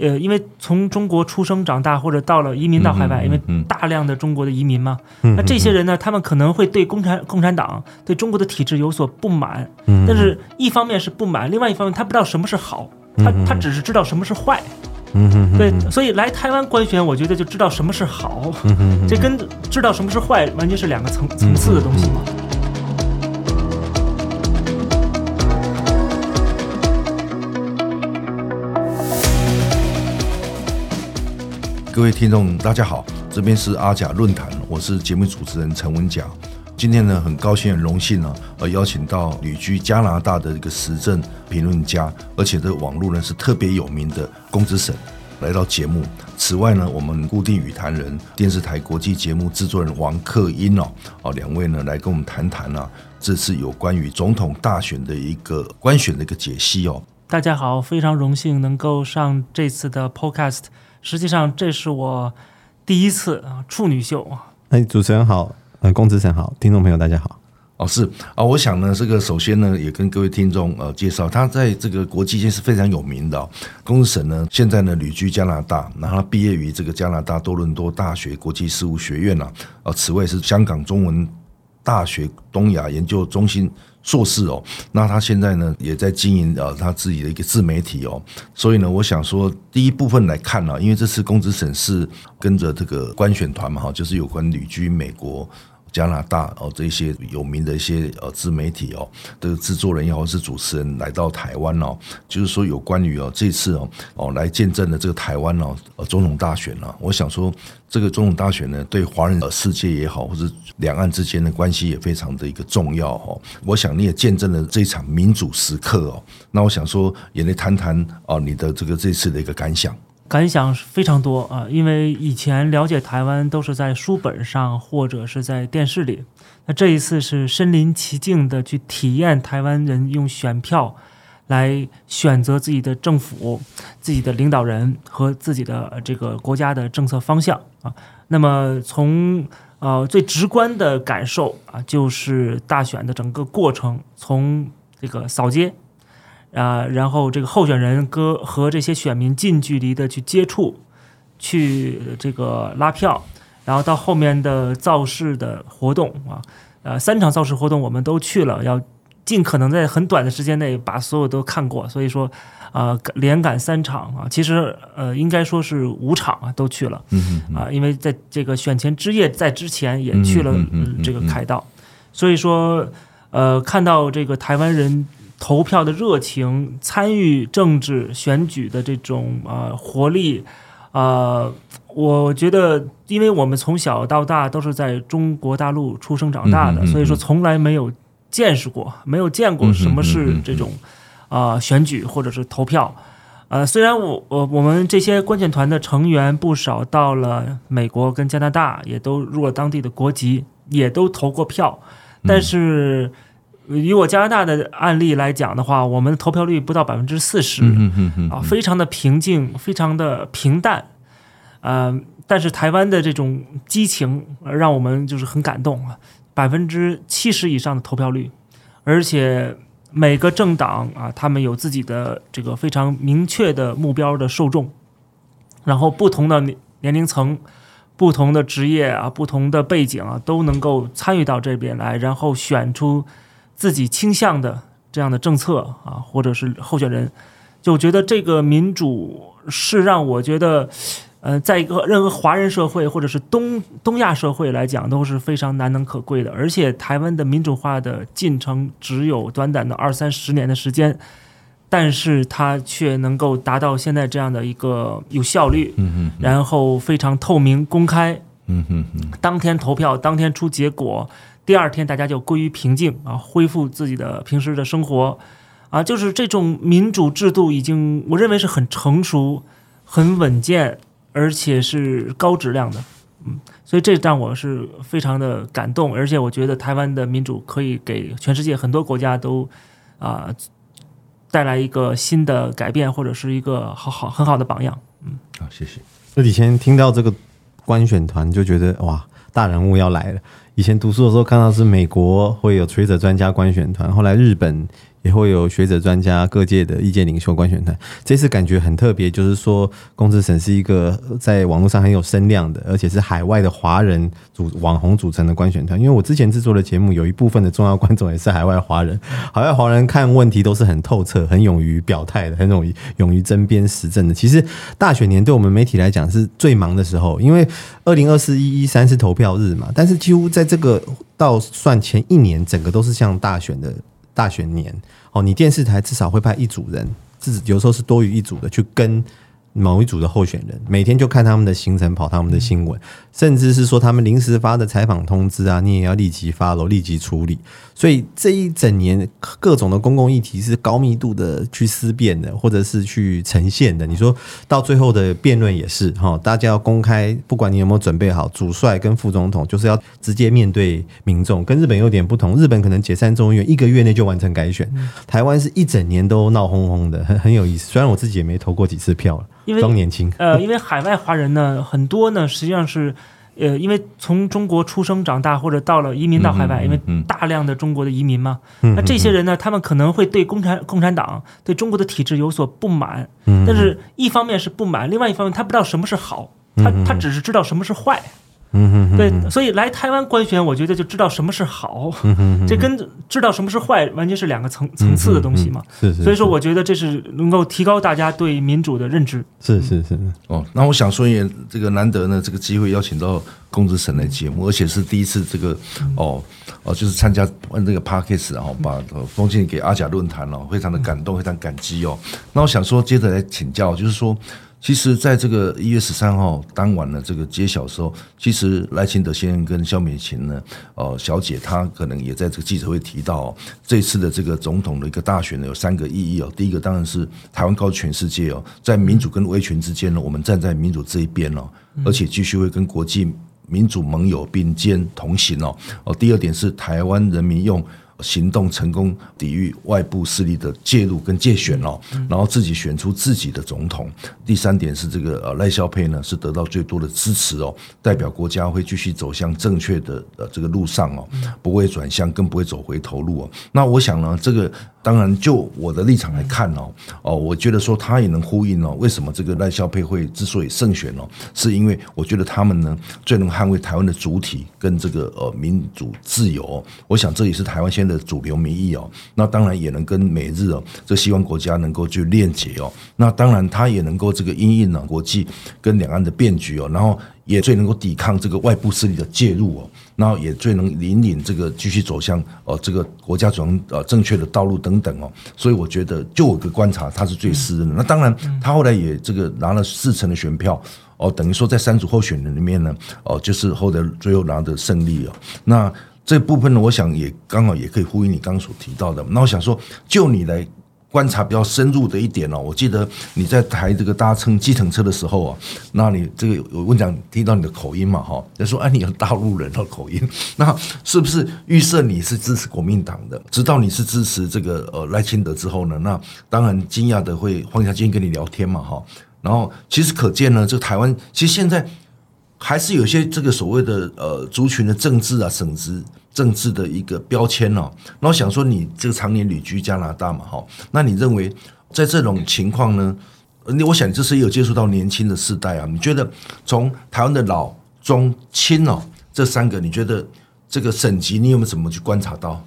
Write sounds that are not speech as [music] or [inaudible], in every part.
呃，因為從中國出生長大，或者到了移民到海外，因為大量的中國的移民嘛，那這些人呢，他們可能會對共產共產黨、對中國的體制有所不滿。嗯，但是一方面是不滿，另外一方面他不知道什麼是好，他他只是知道什麼是壞。嗯嗯，對，所以來台灣觀選，我覺得就知道什麼是好，這跟知道什麼是壞完全是兩個層層次的東西嘛。各位聽眾，大家好，這邊是阿甲論壇，我是節目主持人陳文甲。今天呢，很高興、很榮幸呢，呃，邀請到旅居加拿大的一個時政評論家，而且這個網絡呢是特別有名的公子沈來到節目。此外呢，我們固定與談人、電視台國際節目製作人王克殷哦，哦，兩位呢來跟我們談談啊，這次有關於總統大選的一個觀選的一個解析哦。大家好，非常榮幸能夠上這次的 Podcast。實際上，這是我第一次啊，處女秀啊！哎，主持人好，呃，公子沈好，聽眾朋友大家好。哦，是啊、哦，我想呢，這個首先呢，也跟各位聽眾呃介紹，他在這個國際間，是非常有名的、哦。公子沈呢，現在呢旅居加拿大，然後他畢業於這個加拿大多倫多大學國際事務學院了。啊，呃、此外是香港中文。大學東亞研究中心碩士哦，那他現在呢也在經營呃他自己的一個自媒體哦，所以呢我想說第一部分來看啊，因為這次公子沈是跟着這個觀選團嘛哈，就是有關旅居美國。加拿大哦，這些有名的一些呃自媒體哦的製作人也好，或是主持人來到台灣哦，就是說有關於哦這次哦哦來見證了這個台灣哦總統大選呢。我想說，這個總統大選呢，對華人世界也好，或者兩岸之間的關係也非常的一個重要哦。我想你也見證了這場民主時刻哦。那我想說，也來談談哦你的這個這次的一個感想。感想非常多啊，因為以前了解台灣都是在書本上或者是在電視裡，那這一次是身臨其境的去體驗台灣人用選票來選擇自己的政府、自己的領導人和自己的這個國家的政策方向啊。那麼從呃最直觀的感受啊，就是大選的整個過程，從這個掃街。啊，然後這個候選人跟和這些選民近距離的去接觸，去這個拉票，然後到後面的造勢的活動啊，呃、啊，三場造勢活動我們都去了，要盡可能在很短的時間內把所有都看過，所以說啊、呃，連趕三場啊，其實呃，應該說是五場啊，都去了，啊，因為在這個選前之夜在之前也去了、嗯嗯、這個凱道，所以說呃，看到這個台灣人。投票的熱情，參與政治選舉的這種啊、呃、活力，啊、呃，我覺得，因為我們從小到大都是在中國大陸出生長大的，嗯嗯嗯，所以說從來沒有見識過，沒有見過什麼是這種啊、嗯嗯嗯嗯、呃、選舉或者是投票。呃，雖然我我我們這些觀選團的成員不少到了美國跟加拿大，也都入了當地的國籍，也都投過票，但是。嗯以我加拿大的案例來講的話，我們的投票率不到百分之四十，啊，非常的平靜，非常的平淡，啊、呃，但是台灣的這種激情，呃，讓我們就是很感動啊，百分之七十以上的投票率，而且每個政黨啊，啊，他們有自己的這個非常明確的目標的受眾，然後不同的年齡層、不同的職業啊、不同的背景啊，都能夠參與到這邊來，然後選出。自己傾向的這樣的政策啊，或者是候選人，就覺得這個民主是讓我覺得，呃，在一個任何華人社會或者是東東亞社會來講都是非常難能可貴的。而且台灣的民主化的進程只有短短的二三十年的時間，但是它卻能夠達到現在這樣的一個有效率，然後非常透明公開，嗯哼，當天投票，當天出結果。第二天，大家就歸於平靜啊，恢復自己的平時的生活，啊，就是這種民主制度已經我認為是很成熟、很穩健，而且是高質量的，嗯，所以這讓我是非常的感動，而且我覺得台灣的民主可以給全世界很多國家都啊帶來一個新的改變，或者是一個好好很好的榜樣，嗯，好，哦，謝謝。這幾天聽到這個觀選團就覺得哇，大人物要來了。以前讀書的時候看到是美國會有學者專家觀選團，後來日本也會有學者專家各界的意見領袖觀選團。這次感覺很特別，就是說公子沈是一個在網絡上很有聲量的，而且是海外的華人組網紅組成的觀選團。因為我之前制作的節目有一部分的重要觀眾也是海外華人，海外華人看問題都是很透徹、很勇於表態的，很勇於勇於爭辯實證的。其實大選年對我們媒體來講是最忙的時候，因為二零二四一一三是投票日嘛，但是幾乎在在這個到算前一年，整個都是像大選的大選年哦，你電視台至少會派一組人，自有時候是多於一組的去跟。某一組的候選人，每天就看他們的行程跑，跑他們的新聞，甚至是說他們臨時發的採訪通知啊，你也要立即 follow，立即處理。所以這一整年，各種的公共議題是高密度的去思辨的，或者是去呈現的。你說到最後的辯論也是哈，大家要公開，不管你有沒有準備好，主帥跟副總統就是要直接面對民眾。跟日本有點不同，日本可能解散眾議院一個月內就完成改選，嗯、台灣是一整年都鬧哄哄的，很很有意思。雖然我自己也沒投過幾次票了。因為當年輕呃，因為海外華人呢，很多呢，實際上是呃，因為從中國出生長大，或者到了移民到海外，嗯嗯嗯，因為大量的中國的移民嘛，嗯嗯嗯，那這些人呢，他們可能會對共產共產黨，對中國的體制有所不滿，但是一方面是不滿，另外一方面他不知道什麼是好，他嗯嗯嗯，他只是知道什麼是壞。嗯，嗯，嗯對，所以來台灣觀選，我覺得就知道什麼是好， [laughs] 這跟知道什麼是壞完全是兩個層層次的東西嘛、嗯。嗯、所以說，我覺得這是能夠提高大家對民主的認知。是是是，是。嗯、哦，那我想說一點，這個難得呢，這個機會邀請到公子沈來節目，而且是第一次這個哦哦，就是參加完這個 Podcast，然後把奉獻給阿甲論壇了、哦，非常的感動，非常感激哦。那我想說，接着來請教，就是說。其實在這個一月十三號當晚的這個揭曉時候，其實賴清德先生跟蕭美琴呢、哦，小姐她可能也在這個記者會提到、哦，這次的這個總統的一個大選呢，有三個意義哦。第一個當然是台灣告訴全世界哦，在民主跟威權之間呢，我們站在民主這一邊哦，而且繼續會跟國際民主盟友並肩同行哦。哦，第二點是台灣人民用。行動成功抵禦外部勢力的介入跟介選哦，然後自己選出自己的總統。第三點是這個呃賴蕭配呢是得到最多的支持哦，代表國家會繼續走向正確的呃這個路上哦，不會轉向更不會走回頭路哦。那我想呢，這個當然就我的立場來看哦哦，我覺得說他也能呼應哦，為什麼這個賴蕭配會之所以勝選哦，是因為我覺得他們呢最能捍衛台灣的主體跟這個呃民主自由哦。我想這也是台灣現在。的主流民意哦，那當然也能跟美日哦，這希望國家能夠去鏈接哦，那當然他也能夠這個因應呢國際跟兩岸的變局哦，然後也最能夠抵抗這個外部勢力的介入哦，然後也最能引領這個繼續走向哦這個國家走向呃正確的道路等等哦，所以我覺得就我個觀察，他是最適任的，嗯。那當然他後來也這個拿了四成的選票哦，等於說在三組候選人裡面呢哦，就是後來最後拿的勝利哦，那。這部分呢，我想也剛好也可以呼應你剛剛所提到的。那我想說，就你來觀察比較深入的一點哦，我記得你在台這個搭乘計程車的時候啊，那你這個有有問講你聽到你的口音嘛？哈，就說啊，你有大陸人的口音，那是不是預設你是支持國民黨的？知道你是支持這個呃賴清德之後呢，那當然驚訝的會放下心跟你聊天嘛？哈，然後其實可見呢，就台灣其實現在。還是有些這個所謂的呃族群的政治啊，省籍政治的一個標籤哦、啊。那我想說你這個常年旅居加拿大嘛，哈、哦，那你認為在這種情況呢？你我想這是有接觸到年輕的世代啊。你覺得從台灣的老中青哦、啊、這三個，你覺得這個省籍你有沒有怎麼去觀察到？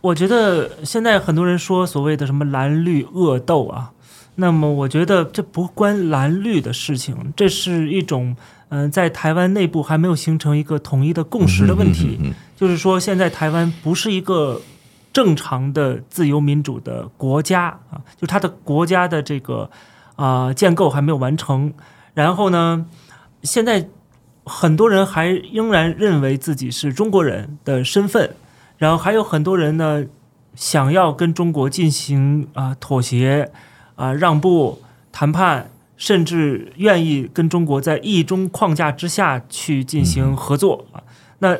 我覺得現在很多人說所謂的什麼藍綠惡鬥啊。那麼，我覺得這不關藍綠的事情，這是一種嗯、呃，在台灣內部還沒有形成一個統一的共識的問題。就是說，現在台灣不是一個正常的自由民主的國家啊，就它的國家的這個啊、呃，建構還沒有完成。然後呢，現在很多人還仍然認為自己是中國人的身份，然後還有很多人呢想要跟中國進行啊、呃，妥協。啊，讓步談判，甚至願意跟中國在一中框架之下去進行合作啊。嗯。那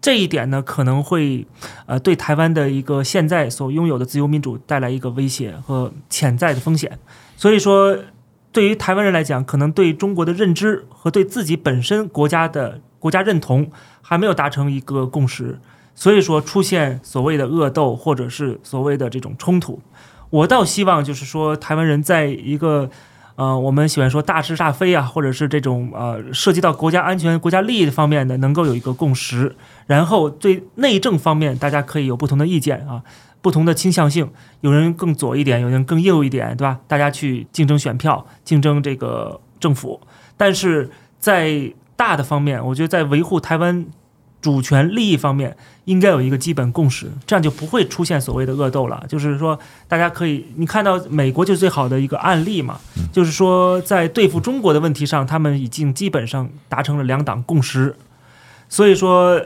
這一點呢，可能會呃對台灣的一個現在所擁有的自由民主帶來一個威脅和潛在的風險。所以說，對於台灣人來講，可能對中國的認知和對自己本身國家的國家認同還沒有達成一個共識。所以說，出現所謂的惡鬥或者是所謂的這種衝突。我倒希望，就是說，台灣人在一個，呃，我們喜歡說大是大非啊，或者是這種呃，涉及到國家安全、國家利益的方面呢，能夠有一個共識。然後，對內政方面，大家可以有不同的意見啊，不同的傾向性，有人更左一點，有人更右一點，對吧？大家去競爭選票，競爭這個政府。但是在大的方面，我覺得在維護台灣主權利益方面應該有一個基本共識，這樣就不會出現所謂的惡鬥了。就是說，大家可以，你看到美國就是最好的一個案例嘛，嗯、就是說，在對付中國的問題上，他們已經基本上達成了兩黨共識。所以說，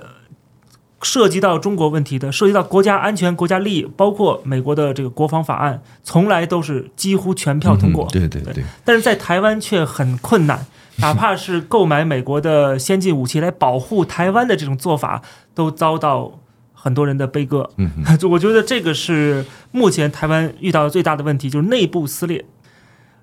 涉及到中國問題的，涉及到國家安全、國家利益，包括美國的這個國防法案，從來都是幾乎全票通過。嗯、對對對，對，但是在台灣卻很困難。哪怕是購買美國的先進武器來保護台灣的這種做法，都遭到很多人的悲歌。嗯， [laughs] 我覺得這個是目前台灣遇到的最大的問題，就是內部撕裂。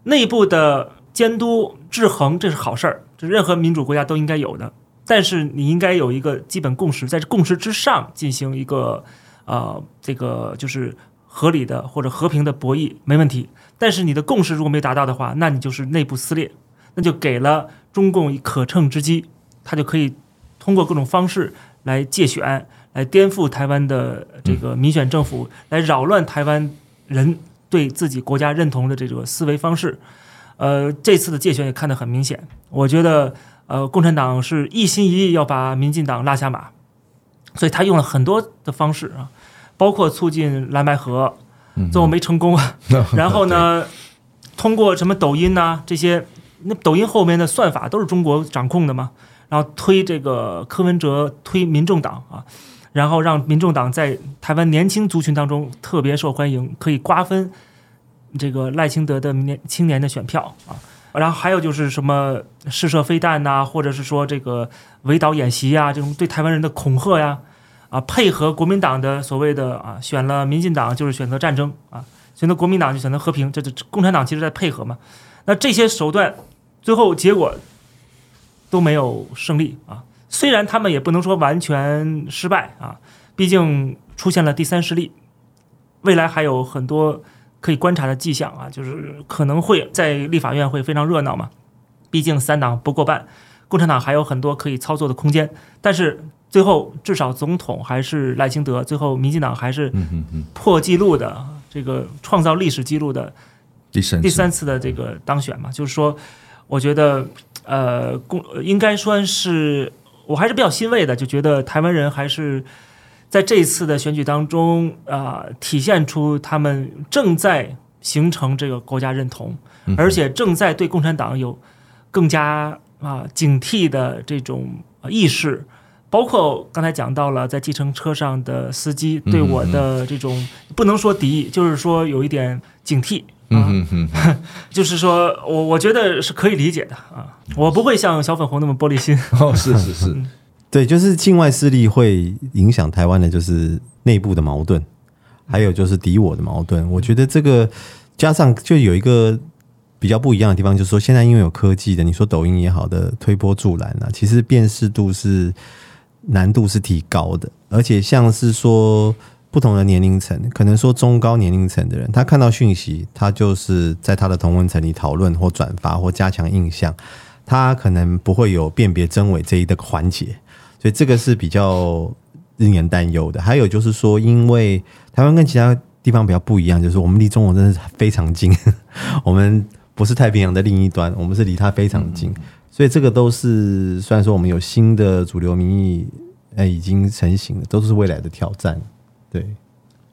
內部的監督制衡這是好事兒，任何民主國家都應該有的。但是你應該有一個基本共識，在共識之上進行一個呃，這個就是合理的或者和平的博弈沒問題。但是你的共識如果沒達到的話，那你就是內部撕裂。那就給了中共一可乘之機，他就可以通過各種方式來介選，來顛覆台灣的這個民選政府，嗯，來擾亂台灣人對自己國家認同的這個思維方式。呃，這次的介選也看得很明顯，我覺得呃，共產黨是一心一意要把民進黨拉下馬，所以他用了很多的方式啊，包括促進藍白合，最後沒成功。然後呢， [laughs] 通過什麼抖音吶、啊、這些。那抖音後面的算法都是中國掌控的嘛，然後推這個柯文哲，推民眾黨啊，然後讓民眾黨在台灣年輕族群當中特別受歡迎，可以瓜分這個賴清德的年青年的選票啊。然後還有就是什麼試射飛彈吶，或者是說這個圍島演習啊，這種對台灣人的恐嚇呀，啊，配合國民黨的所謂的啊，選了民進黨就是選擇戰爭啊，選擇國民黨就選擇和平，這這共產黨其實在配合嘛。那這些手段。最後結果都沒有勝利啊，雖然他們也不能說完全失敗啊，畢竟出現了第三勢力，未來還有很多可以觀察的跡象啊，就是可能會在立法院會非常熱鬧嘛，畢竟三黨不過半，共產黨還有很多可以操作的空間，但是最後至少總統還是賴清德，最後民進黨還是破紀錄的這個創造歷史記錄的第三次的這個當選嘛，就是說。我覺得，呃，公應該說是我還是比較欣慰的，就覺得台灣人還是在這一次的選舉當中，啊、呃，體現出他們正在形成這個國家認同，而且正在對共產黨有更加啊、呃、警惕的這種意識。包括剛才講到了，在計程車上的司機對我的這種、嗯、哼哼，不能說敵意，就是說有一點警惕、啊嗯、哼哼，就是說我我覺得是可以理解的啊，我不會像小粉紅那麼玻璃心。哦，是是是、嗯，對，就是境外勢力會影響台灣的，就是內部的矛盾，還有就是敵我的矛盾。嗯、我覺得這個加上就有一個比較不一樣的地方，就是說現在因為有科技的，你說抖音也好的推波助瀾、啊、其實辨識度是。難度是提高的，而且像是說不同的年齡層，可能說中高年齡層的人，他看到訊息，他就是在他的同溫層裡討論或轉發或加強印象，他可能不會有辨別真偽這一個環節，所以這個是比較令人擔憂的。還有就是說，因為台灣跟其他地方比較不一樣，就是我們離中國真的是非常近，我們不是太平洋的另一端，我們是離它非常近。嗯所以這個都是，雖然說我們有新的主流民意，哎，已經成型了，都是未來的挑戰，對。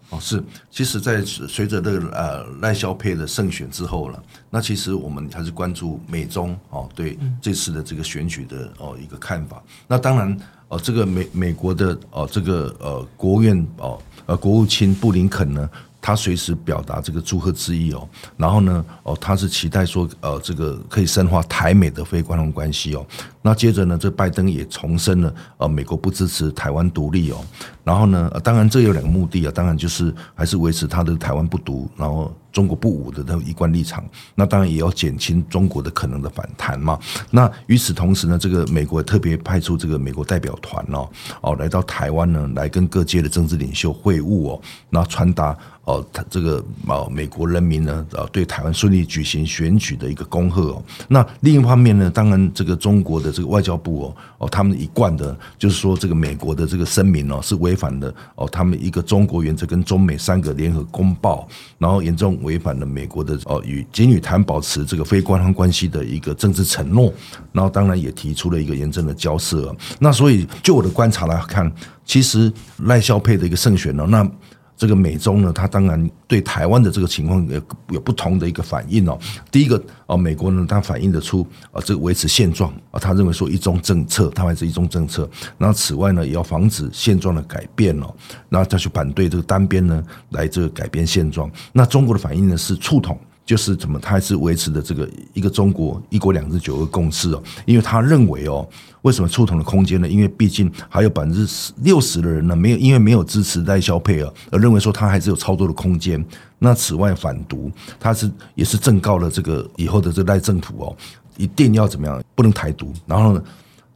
哦，是，其實，在隨着這個呃賴蕭配的勝選之後了，那其實我們還是關注美中哦對、嗯、這次的這個選舉的哦一個看法。那當然哦，這個美美國的哦這個呃國務院哦呃國務卿布林肯呢。他隨時表達這個祝賀之意哦，然後呢，哦，他是期待說，呃，這個可以深化台美的非官方關係哦。那接着呢，這拜登也重申了，呃，美國不支持台灣獨立哦。然後呢，當然這有兩個目的啊，當然就是還是維持他的台灣不獨，然後中國不武的那一貫立場。那當然也要減輕中國的可能的反彈嘛。那與此同時呢，這個美國也特別派出這個美國代表團哦，哦來到台灣呢，來跟各界的政治領袖會晤哦，那傳達哦，他這個呃美國人民呢，呃對台灣順利舉行選舉的一個恭賀哦。那另一方面呢，當然這個中國的。這個外交部哦哦，他們一貫的，就是說這個美國的這個聲明呢，是違反的哦，他們一個中國原則跟中美三個聯合公報，然後嚴重違反了美國的哦與金與談保持這個非官方關係的一個政治承諾，然後當然也提出了一個嚴正的交涉。那所以就我的觀察來看，其實賴蕭配的一個勝選呢，那。這個美中呢，它當然對台灣的這個情況有有不同的一個反應哦。第一個啊，美國呢，它反映得出啊，這個維持現狀啊，他認為說一中政策，它還是一中政策。那此外呢，也要防止現狀的改變哦。然後他去反對這個單邊呢，來這個改變現狀。那中國的反應呢是促統，就是怎麼，它還是維持的這個一個中國一國兩制九二共識哦，因為他認為哦。為什麼促統的空間呢？因為畢竟還有百分之六十的人呢，沒有因為沒有支持賴蕭配、啊、而認為說他還是有操作的空間。那此外反獨，他是也是正告了這個以後的這賴政府哦，一定要怎麼樣，不能台獨。然後呢，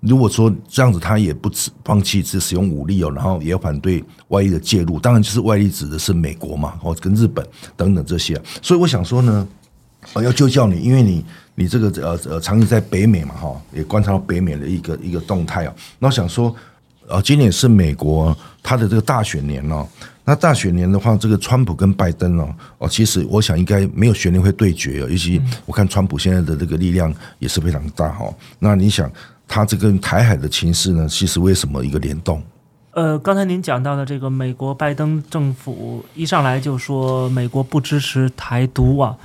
如果說這樣子他也不止放棄只使用武力哦，然後也要反對外力的介入。當然就是外力指的是美國嘛，或、哦、者跟日本等等這些、啊。所以我想說呢，我要就教你，因為你。你這個呃呃，長期在北美嘛哈，也觀察到北美的一個一個動態啊。那我想說，呃，今年是美國它的這個大選年哦。那大選年的話，這個川普跟拜登哦，哦，其實我想應該沒有懸念會對決。尤其我看川普現在的這個力量也是非常大哈、嗯。那你想，他這跟台海的情勢呢，其實為什麼一個聯動？呃，剛才您講到的這個美國拜登政府一上來就說美國不支持台獨啊。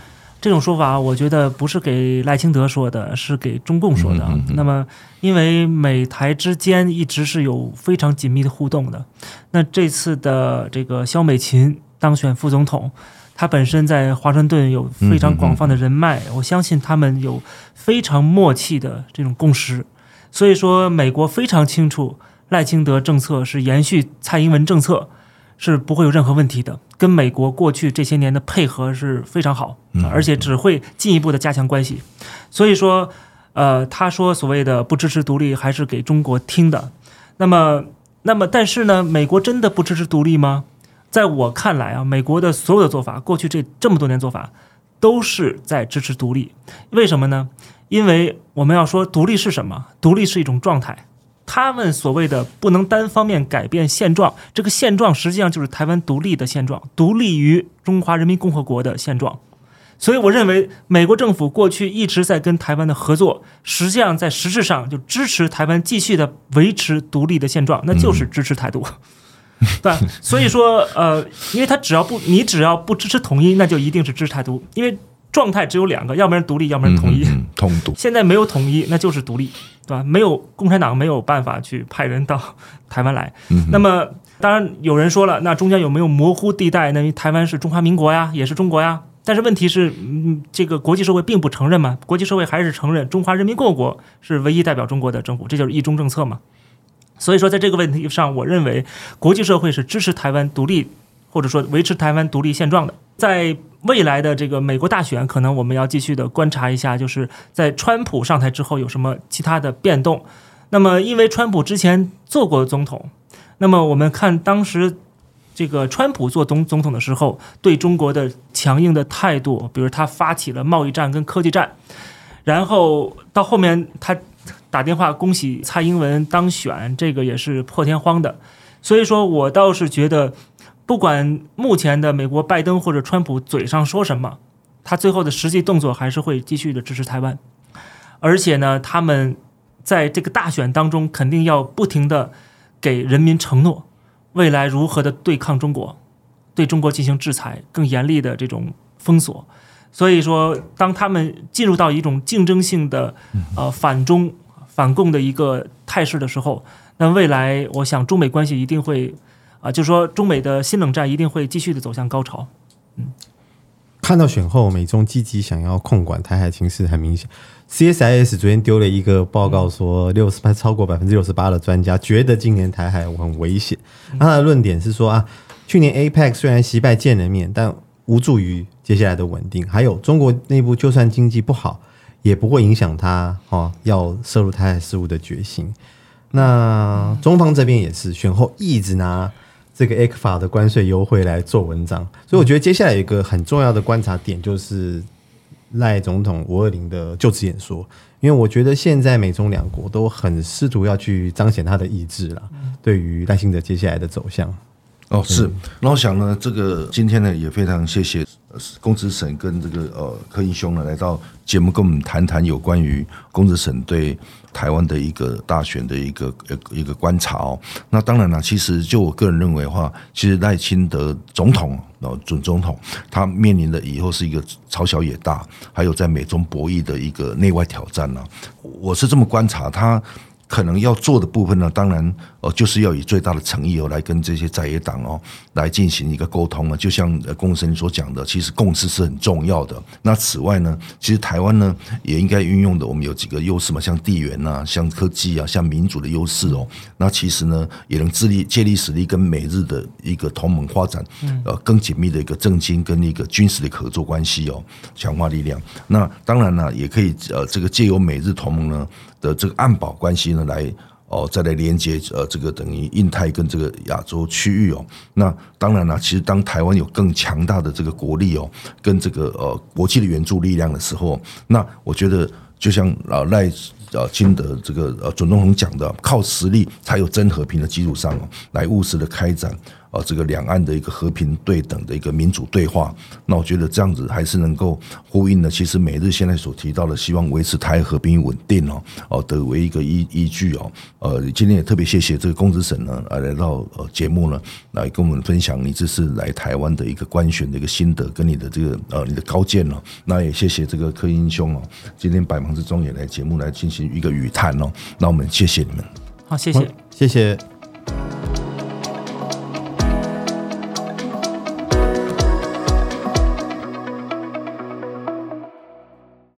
這種說法，我覺得不是給賴清德說的，是給中共說的。嗯嗯嗯。那麼，因為美台之間一直是有非常緊密的互動的。那這次的這個蕭美琴當選副總統，她本身在華盛頓有非常廣泛的人脈，嗯嗯，我相信他們有非常默契的這種共識。所以說，美國非常清楚，賴清德政策是延續蔡英文政策，是不會有任何問題的，跟美國過去這些年的配合是非常好，而且只會進一步的加強關係。嗯、所以說，呃，他說所謂的不支持獨立，還是給中國聽的。那麼，那麼但是呢，美國真的不支持獨立嗎？在我看來啊，美國的所有的做法，過去這這麼多年做法，都是在支持獨立。為什麼呢？因為我們要說獨立是什麼？獨立是一種狀態。他們所謂的不能單方面改變現狀，這個現狀實際上就是台灣獨立的現狀，獨立於中華人民共和國的現狀。所以，我認為美國政府過去一直在跟台灣的合作，實際上在實質上就支持台灣繼續的維持獨立的現狀，那就是支持台獨。對，所以說，呃，因為他只要不，你只要不支持統一，那就一定是支持台獨，因為。狀態只有兩個，要不然獨立，要不然統一、嗯。現在沒有統一，那就是獨立，對吧？沒有共產黨沒有辦法去派人到台灣來。嗯、那麼當然有人說了，那中間有沒有模糊地帶？那台灣是中華民國呀，也是中國呀。但是問題是、嗯，這個國際社會並不承認嘛。國際社會還是承認中華人民共和國是唯一代表中國的政府，這就是一中政策嘛。所以說，在這個問題上，我認為國際社會是支持台灣獨立，或者說維持台灣獨立現狀的。在未來的這個美國大選，可能我們要繼續的觀察一下，就是在川普上台之後有什麼其他的變動。那麼，因為川普之前做過總統，那麼我們看當時這個川普做總總統的時候對中國的強硬的態度，比如他發起了貿易戰跟科技戰，然後到後面他打電話恭喜蔡英文當選，這個也是破天荒的。所以說我倒是覺得。不管目前的美國拜登或者川普嘴上說什麼，他最後的實際動作還是會繼續的支持台灣。而且呢，他們在這個大選當中肯定要不停地給人民承諾，未來如何的對抗中國，對中國進行制裁、更嚴厲的這種封鎖。所以說，當他們進入到一種競爭性的呃反中反共的一個態勢的時候，那未來我想中美關係一定會。啊，就是說，中美的新冷戰一定會繼續的走向高潮。嗯，看到選後，美中積極想要控管台海情勢，很明顯。CSIS 昨天丟了一個報告說，說六十八超過百分之六十八的專家覺得今年台海很危險。他的論點是說啊，去年 APEC 雖然習拜見了面，但無助於接下來的穩定。還有，中國內部就算經濟不好，也不會影響他哦要涉入台海事務的決心。那中方這邊也是選後一直拿。這個 ECFA 的關稅優惠來做文章，所以我覺得接下來一個很重要的觀察點，就是賴總統五二零的就職演說，因為我覺得現在美中兩國都很試圖要去彰顯他的意志了。對於賴清德接下來的走向、嗯，哦是，那我想呢，這個今天呢也非常謝謝公子沈跟這個呃克殷兄呢來到節目跟我們談談有關於公子沈對。台灣的一個大選的一個一個觀察，哦，那當然了，其實就我個人認為的話，其實賴清德總統，然後準總統，他面臨的以後是一個朝小野大，還有在美中博弈的一個內外挑戰呢，啊，我是這麼觀察他。可能要做的部分呢，當然呃，就是要以最大的誠意哦，來跟這些在野黨哦，來進行一個溝通啊。就像呃，公子沈所講的，其實共識是很重要的。那此外呢，其實台灣呢，也應該運用的我們有幾個優勢嘛，像地緣啊，像科技啊，像民主的優勢哦。那其實呢，也能致力借力使力，跟美日的一個同盟發展，嗯、呃，更緊密的一個政經跟一個軍事的合作關係哦，強化力量。那當然呢、啊，也可以呃，這個借由美日同盟呢的這個安保關係呢，來哦，再來連接呃，這個等於印太跟這個亞洲區域哦。那當然了，其實當台灣有更強大的這個國力哦，跟這個呃國際的援助力量的時候，那我覺得就像老，呃、賴呃清德這個呃準總統講的，靠實力才有真和平的基礎上哦，來務實的開展。呃，這個兩岸的一個和平對等的一個民主對話，那我覺得這樣子還是能夠呼應呢。其實美日現在所提到的，希望維持台海和平穩定哦，哦的唯一一個依依據哦。呃，今天也特別謝謝這個公子沈呢，來來到呃節目呢，來跟我們分享你這次來台灣的一個觀選的一個心得跟你的這個呃你的高見了，哦。那也謝謝這個克殷兄哦，今天百忙之中也來節目來進行一個與談哦。那我們謝謝你們，好，謝謝，謝謝。